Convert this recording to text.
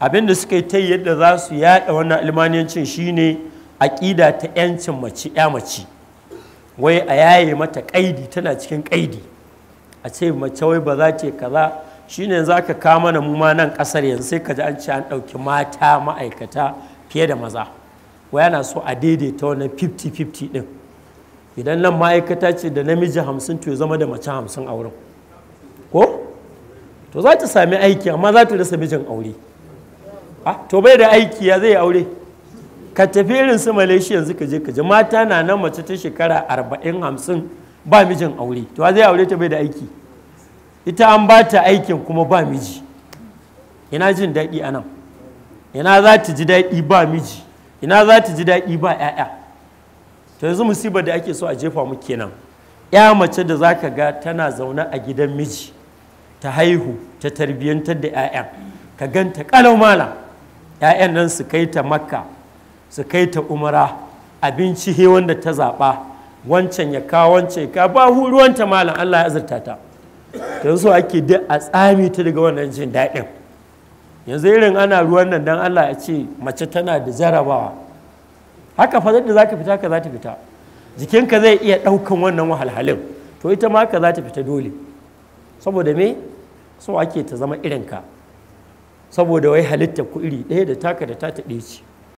abin da suka yi ta yadda za su yaɗa wannan almaniyancin shine aƙida ta 'yancin mace ya mace wai a yaye mata ƙaidi tana cikin ƙaidi a ce mace wai ba za ce kaza shine za ka kama na muma nan ƙasar yanzu sai ka ji an ce an ɗauki mata ma'aikata fiye da maza wai yana so a daidaita wannan 50-50 ɗin idan nan ma'aikata ce da namiji 50 to ya zama da mace 50 a wurin ko to za ta sami aiki amma za ta rasa mijin aure Ah, to bai da aiki ya zai aure ka tafi irin su malaysia yanzu ka je ka je mata na nan mace ta shekara arba'in hamsin ba mijin aure to zai aure ta bai da aiki ita an ba ta aikin kuma ba miji ina jin daɗi anan ina za ta ji daɗi ba miji ina za ta ji daɗi ba 'ya'ya to yanzu musibar da ake so a jefa mu kenan ya mace da za ka ga tana zaune a gidan miji ta haihu ta tarbiyyantar da 'ya'ya ka ganta kalau malam 'ya'yan nan su kai ta makka su kai ta umara abinci he wanda ta zaɓa wancan ya kawo wancan ya ba ta malam allah ya azurta ta yanzu so ake da a tsami ta daga wannan jin daɗin yanzu irin ana ruwan nan don allah ya ce mace tana da jarabawa haka fa da zaka ka fita ka za ta fita jikinka zai iya ɗaukan wannan wahalhalin to ita ma ka za ta fita dole saboda me so ake ta zama irinka saboda wai halitta ku iri ɗaya da taka da ta taɗe ce